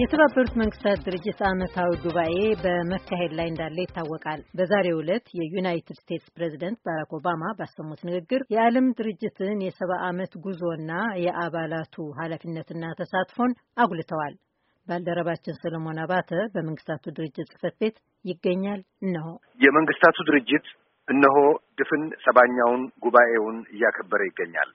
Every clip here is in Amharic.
የተባበሩት መንግስታት ድርጅት ዓመታዊ ጉባኤ በመካሄድ ላይ እንዳለ ይታወቃል። በዛሬው ዕለት የዩናይትድ ስቴትስ ፕሬዚደንት ባራክ ኦባማ ባሰሙት ንግግር የዓለም ድርጅትን የሰባ ዓመት ጉዞና የአባላቱ ኃላፊነትና ተሳትፎን አጉልተዋል። ባልደረባችን ሰለሞን አባተ በመንግስታቱ ድርጅት ጽህፈት ቤት ይገኛል። እነሆ የመንግስታቱ ድርጅት እነሆ ድፍን ሰባኛውን ጉባኤውን እያከበረ ይገኛል።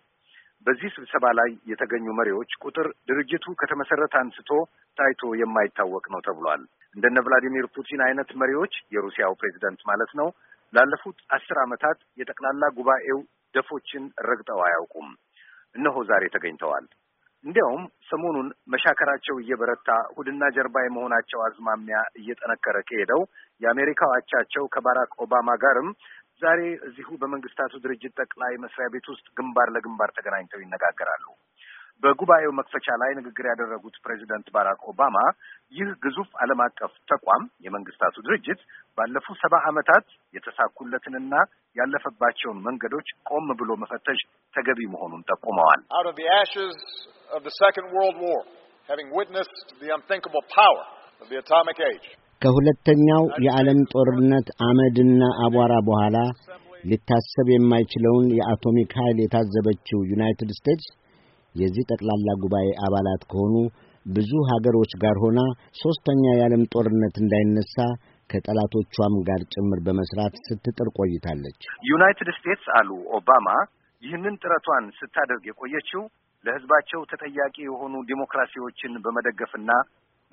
በዚህ ስብሰባ ላይ የተገኙ መሪዎች ቁጥር ድርጅቱ ከተመሰረተ አንስቶ ታይቶ የማይታወቅ ነው ተብሏል። እንደነ ቭላዲሚር ፑቲን አይነት መሪዎች የሩሲያው ፕሬዚደንት ማለት ነው ላለፉት አስር ዓመታት የጠቅላላ ጉባኤው ደፎችን ረግጠው አያውቁም። እነሆ ዛሬ ተገኝተዋል። እንዲያውም ሰሞኑን መሻከራቸው እየበረታ ሁድና ጀርባ የመሆናቸው አዝማሚያ እየጠነከረ ከሄደው የአሜሪካ አቻቸው ከባራክ ኦባማ ጋርም ዛሬ እዚሁ በመንግስታቱ ድርጅት ጠቅላይ መስሪያ ቤት ውስጥ ግንባር ለግንባር ተገናኝተው ይነጋገራሉ። በጉባኤው መክፈቻ ላይ ንግግር ያደረጉት ፕሬዚደንት ባራክ ኦባማ ይህ ግዙፍ ዓለም አቀፍ ተቋም የመንግስታቱ ድርጅት ባለፉት ሰባ ዓመታት የተሳኩለትንና ያለፈባቸውን መንገዶች ቆም ብሎ መፈተሽ ተገቢ መሆኑን ጠቁመዋል። ከሁለተኛው የዓለም ጦርነት አመድና አቧራ በኋላ ሊታሰብ የማይችለውን የአቶሚክ ኃይል የታዘበችው ዩናይትድ ስቴትስ የዚህ ጠቅላላ ጉባኤ አባላት ከሆኑ ብዙ ሀገሮች ጋር ሆና ሦስተኛ የዓለም ጦርነት እንዳይነሳ ከጠላቶቿም ጋር ጭምር በመስራት ስትጥር ቆይታለች። ዩናይትድ ስቴትስ አሉ ኦባማ ይህንን ጥረቷን ስታደርግ የቆየችው ለሕዝባቸው ተጠያቂ የሆኑ ዲሞክራሲዎችን በመደገፍና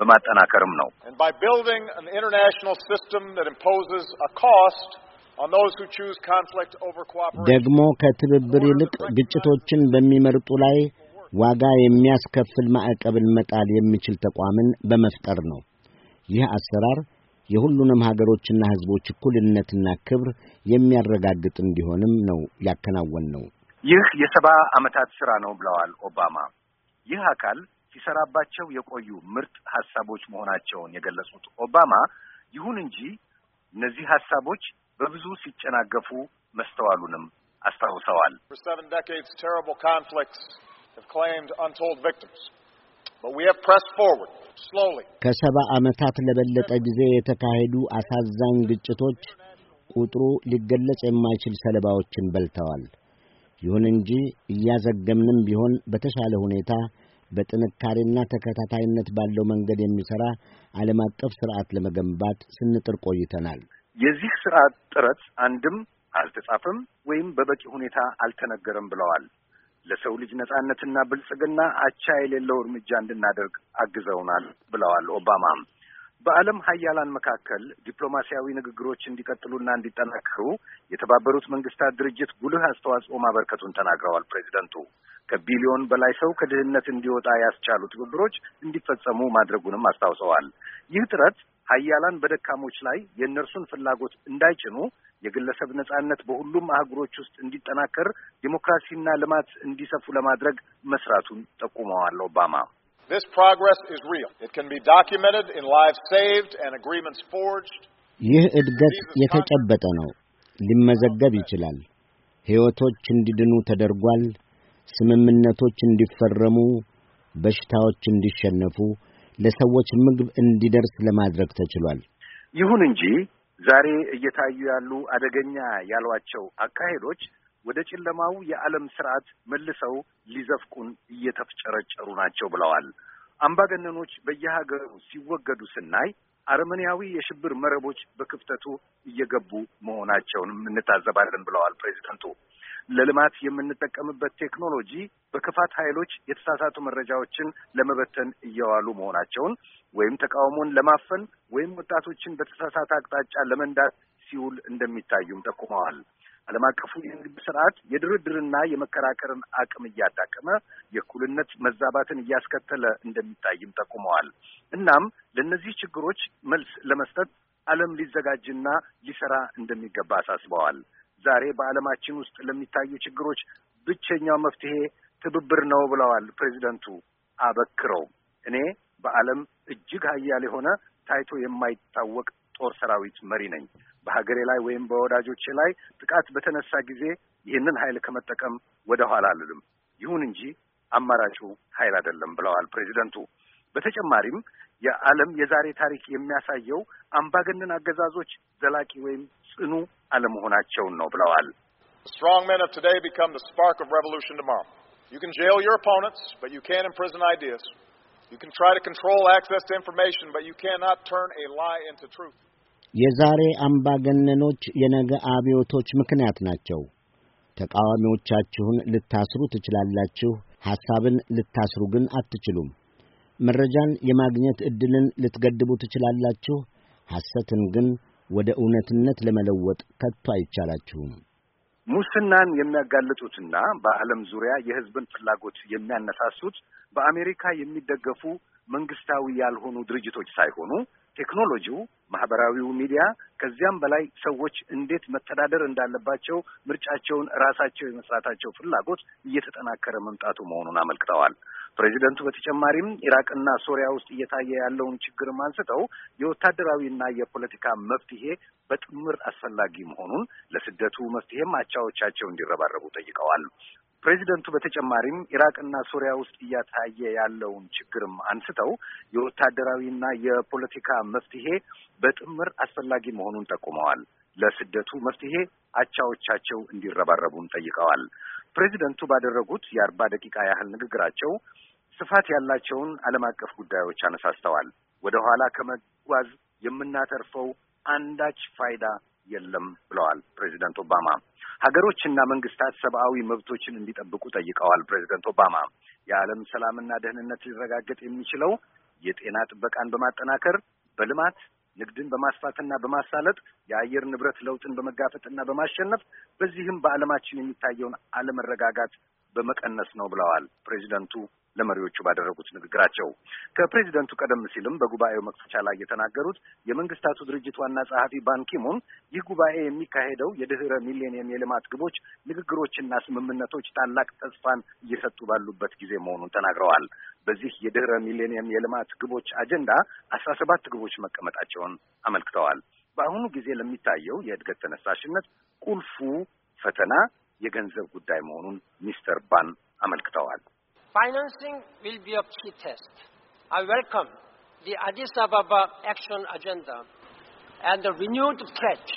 በማጠናከርም ነው። ደግሞ ከትብብር ይልቅ ግጭቶችን በሚመርጡ ላይ ዋጋ የሚያስከፍል ማዕቀብን መጣል የሚችል ተቋምን በመፍጠር ነው። ይህ አሰራር የሁሉንም ሀገሮችና ሕዝቦች እኩልነትና ክብር የሚያረጋግጥ እንዲሆንም ነው ያከናወን ነው። ይህ የሰባ ዓመታት ሥራ ነው ብለዋል ኦባማ። ይህ አካል ሲሰራባቸው የቆዩ ምርጥ ሀሳቦች መሆናቸውን የገለጹት ኦባማ ይሁን እንጂ እነዚህ ሀሳቦች በብዙ ሲጨናገፉ መስተዋሉንም አስታውሰዋል። ከሰባ ዓመታት ለበለጠ ጊዜ የተካሄዱ አሳዛኝ ግጭቶች ቁጥሩ ሊገለጽ የማይችል ሰለባዎችን በልተዋል። ይሁን እንጂ እያዘገምንም ቢሆን በተሻለ ሁኔታ በጥንካሬና ተከታታይነት ባለው መንገድ የሚሰራ ዓለም አቀፍ ስርዓት ለመገንባት ስንጥር ቆይተናል። የዚህ ስርዓት ጥረት አንድም አልተጻፈም ወይም በበቂ ሁኔታ አልተነገረም ብለዋል። ለሰው ልጅ ነጻነትና ብልጽግና አቻ የሌለው እርምጃ እንድናደርግ አግዘውናል ብለዋል ኦባማም በዓለም ሀያላን መካከል ዲፕሎማሲያዊ ንግግሮች እንዲቀጥሉና እንዲጠናከሩ የተባበሩት መንግስታት ድርጅት ጉልህ አስተዋጽኦ ማበርከቱን ተናግረዋል። ፕሬዚደንቱ ከቢሊዮን በላይ ሰው ከድህነት እንዲወጣ ያስቻሉ ትብብሮች እንዲፈጸሙ ማድረጉንም አስታውሰዋል። ይህ ጥረት ሀያላን በደካሞች ላይ የእነርሱን ፍላጎት እንዳይጭኑ፣ የግለሰብ ነጻነት በሁሉም አህጉሮች ውስጥ እንዲጠናከር፣ ዲሞክራሲና ልማት እንዲሰፉ ለማድረግ መስራቱን ጠቁመዋል ኦባማ። This progress is real. It can be documented in lives saved and agreements forged. ይህ እድገት የተጨበጠ ነው፣ ሊመዘገብ ይችላል። ሕይወቶች እንዲድኑ ተደርጓል። ስምምነቶች እንዲፈረሙ፣ በሽታዎች እንዲሸነፉ፣ ለሰዎች ምግብ እንዲደርስ ለማድረግ ተችሏል። ይሁን እንጂ ዛሬ እየታዩ ያሉ አደገኛ ያሏቸው አካሄዶች ወደ ጨለማው የዓለም ስርዓት መልሰው ሊዘፍቁን እየተፍጨረጨሩ ናቸው ብለዋል። አምባገነኖች በየሀገሩ ሲወገዱ ስናይ አረመኔያዊ የሽብር መረቦች በክፍተቱ እየገቡ መሆናቸውንም እንታዘባለን ብለዋል ፕሬዚደንቱ። ለልማት የምንጠቀምበት ቴክኖሎጂ በክፋት ኃይሎች የተሳሳቱ መረጃዎችን ለመበተን እየዋሉ መሆናቸውን ወይም ተቃውሞን ለማፈን ወይም ወጣቶችን በተሳሳተ አቅጣጫ ለመንዳት ሲውል እንደሚታዩም ጠቁመዋል። ዓለም አቀፉ የንግድ ስርዓት የድርድርና የመከራከርን አቅም እያዳቀመ የእኩልነት መዛባትን እያስከተለ እንደሚታይም ጠቁመዋል። እናም ለእነዚህ ችግሮች መልስ ለመስጠት ዓለም ሊዘጋጅና ሊሰራ እንደሚገባ አሳስበዋል። ዛሬ በዓለማችን ውስጥ ለሚታዩ ችግሮች ብቸኛው መፍትሄ ትብብር ነው ብለዋል ፕሬዚደንቱ አበክረው። እኔ በዓለም እጅግ ሀያል የሆነ ታይቶ የማይታወቅ ጦር ሰራዊት መሪ ነኝ። በሀገሬ ላይ ወይም በወዳጆቼ ላይ ጥቃት በተነሳ ጊዜ ይህንን ኃይል ከመጠቀም ወደ ኋላ አልልም። ይሁን እንጂ አማራጩ ኃይል አይደለም ብለዋል ፕሬዚደንቱ። በተጨማሪም የዓለም የዛሬ ታሪክ የሚያሳየው አምባገነን አገዛዞች ዘላቂ ወይም ጽኑ አለመሆናቸውን ነው ብለዋል። Strong men of today become the spark of revolution tomorrow. You can jail your opponents, but you can't imprison ideas. You can try to control access to information, but you cannot turn a lie into truth. የዛሬ አምባገነኖች የነገ አብዮቶች ምክንያት ናቸው። ተቃዋሚዎቻችሁን ልታስሩ ትችላላችሁ፣ ሐሳብን ልታስሩ ግን አትችሉም። መረጃን የማግኘት ዕድልን ልትገድቡ ትችላላችሁ፣ ሐሰትን ግን ወደ እውነትነት ለመለወጥ ከቶ አይቻላችሁም። ሙስናን የሚያጋልጡትና በዓለም ዙሪያ የሕዝብን ፍላጎት የሚያነሳሱት በአሜሪካ የሚደገፉ መንግስታዊ ያልሆኑ ድርጅቶች ሳይሆኑ ቴክኖሎጂው ማህበራዊው ሚዲያ ከዚያም በላይ ሰዎች እንዴት መተዳደር እንዳለባቸው ምርጫቸውን ራሳቸው የመስራታቸው ፍላጎት እየተጠናከረ መምጣቱ መሆኑን አመልክተዋል። ፕሬዚደንቱ በተጨማሪም ኢራቅና ሶሪያ ውስጥ እየታየ ያለውን ችግርም አንስተው የወታደራዊና የፖለቲካ መፍትሄ በጥምር አስፈላጊ መሆኑን ለስደቱ መፍትሄም አቻዎቻቸው እንዲረባረቡ ጠይቀዋል። ፕሬዚደንቱ በተጨማሪም ኢራቅና ሱሪያ ውስጥ እያታየ ያለውን ችግርም አንስተው የወታደራዊና የፖለቲካ መፍትሄ በጥምር አስፈላጊ መሆኑን ጠቁመዋል። ለስደቱ መፍትሄ አቻዎቻቸው እንዲረባረቡም ጠይቀዋል። ፕሬዚደንቱ ባደረጉት የአርባ ደቂቃ ያህል ንግግራቸው ስፋት ያላቸውን ዓለም አቀፍ ጉዳዮች አነሳስተዋል። ወደ ኋላ ከመጓዝ የምናተርፈው አንዳች ፋይዳ የለም ብለዋል ፕሬዚደንት ኦባማ። ሀገሮችና መንግስታት ሰብአዊ መብቶችን እንዲጠብቁ ጠይቀዋል ፕሬዚደንት ኦባማ። የዓለም ሰላምና ደህንነት ሊረጋገጥ የሚችለው የጤና ጥበቃን በማጠናከር በልማት ንግድን በማስፋትና በማሳለጥ የአየር ንብረት ለውጥን በመጋፈጥና በማሸነፍ በዚህም በዓለማችን የሚታየውን አለመረጋጋት በመቀነስ ነው ብለዋል ፕሬዚደንቱ ለመሪዎቹ ባደረጉት ንግግራቸው ከፕሬዚደንቱ ቀደም ሲልም በጉባኤው መክፈቻ ላይ የተናገሩት የመንግስታቱ ድርጅት ዋና ጸሐፊ ባንኪሙን ይህ ጉባኤ የሚካሄደው የድህረ ሚሌኒየም የልማት ግቦች ንግግሮችና ስምምነቶች ታላቅ ተስፋን እየሰጡ ባሉበት ጊዜ መሆኑን ተናግረዋል። በዚህ የድህረ ሚሌኒየም የልማት ግቦች አጀንዳ አስራ ሰባት ግቦች መቀመጣቸውን አመልክተዋል። በአሁኑ ጊዜ ለሚታየው የእድገት ተነሳሽነት ቁልፉ ፈተና የገንዘብ ጉዳይ መሆኑን ሚስተር ባን አመልክተዋል። Financing will be a key test. I welcome the Addis Ababa Action Agenda and the renewed pledge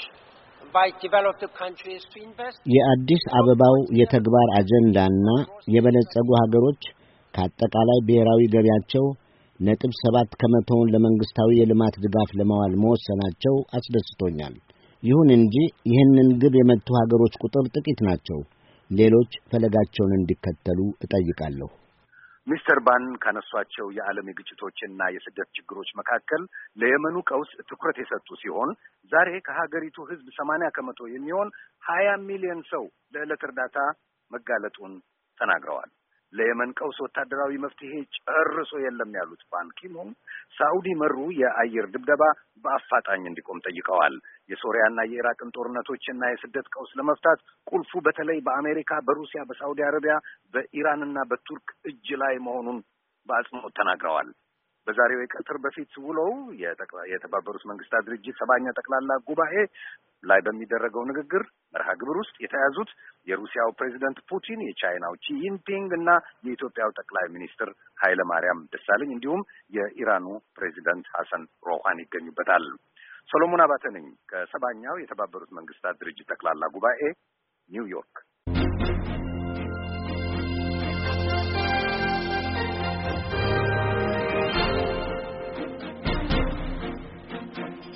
by developed countries to invest. የአዲስ አበባው የተግባር አጀንዳና የበለጸጉ ሀገሮች ከአጠቃላይ ብሔራዊ ገቢያቸው ነጥብ ሰባት ከመቶውን ለመንግስታዊ የልማት ድጋፍ ለማዋል መወሰናቸው አስደስቶኛል። ይሁን እንጂ ይህንን ግብ የመቱ ሀገሮች ቁጥር ጥቂት ናቸው። ሌሎች ፈለጋቸውን እንዲከተሉ እጠይቃለሁ። ሚስተር ባን ካነሷቸው የዓለም የግጭቶችና የስደት ችግሮች መካከል ለየመኑ ቀውስ ትኩረት የሰጡ ሲሆን ዛሬ ከሀገሪቱ ሕዝብ ሰማንያ ከመቶ የሚሆን ሀያ ሚሊዮን ሰው ለዕለት እርዳታ መጋለጡን ተናግረዋል። ለየመን ቀውስ ወታደራዊ መፍትሄ ጨርሶ የለም ያሉት ባንኪሙን ሳውዲ መሩ የአየር ድብደባ በአፋጣኝ እንዲቆም ጠይቀዋል። የሶሪያና የኢራቅን ጦርነቶችና የስደት ቀውስ ለመፍታት ቁልፉ በተለይ በአሜሪካ፣ በሩሲያ፣ በሳውዲ አረቢያ፣ በኢራንና በቱርክ እጅ ላይ መሆኑን በአጽንኦት ተናግረዋል። በዛሬው የቀትር በፊት ውለው የተባበሩት መንግስታት ድርጅት ሰባኛ ጠቅላላ ጉባኤ ላይ በሚደረገው ንግግር መርሃ ግብር ውስጥ የተያዙት የሩሲያው ፕሬዚደንት ፑቲን፣ የቻይናው ቺይንፒንግ እና የኢትዮጵያው ጠቅላይ ሚኒስትር ኃይለማርያም ደሳለኝ እንዲሁም የኢራኑ ፕሬዚደንት ሐሰን ሮሃን ይገኙበታል። ሰሎሞን አባተ ነኝ ከሰባኛው የተባበሩት መንግስታት ድርጅት ጠቅላላ ጉባኤ ኒውዮርክ።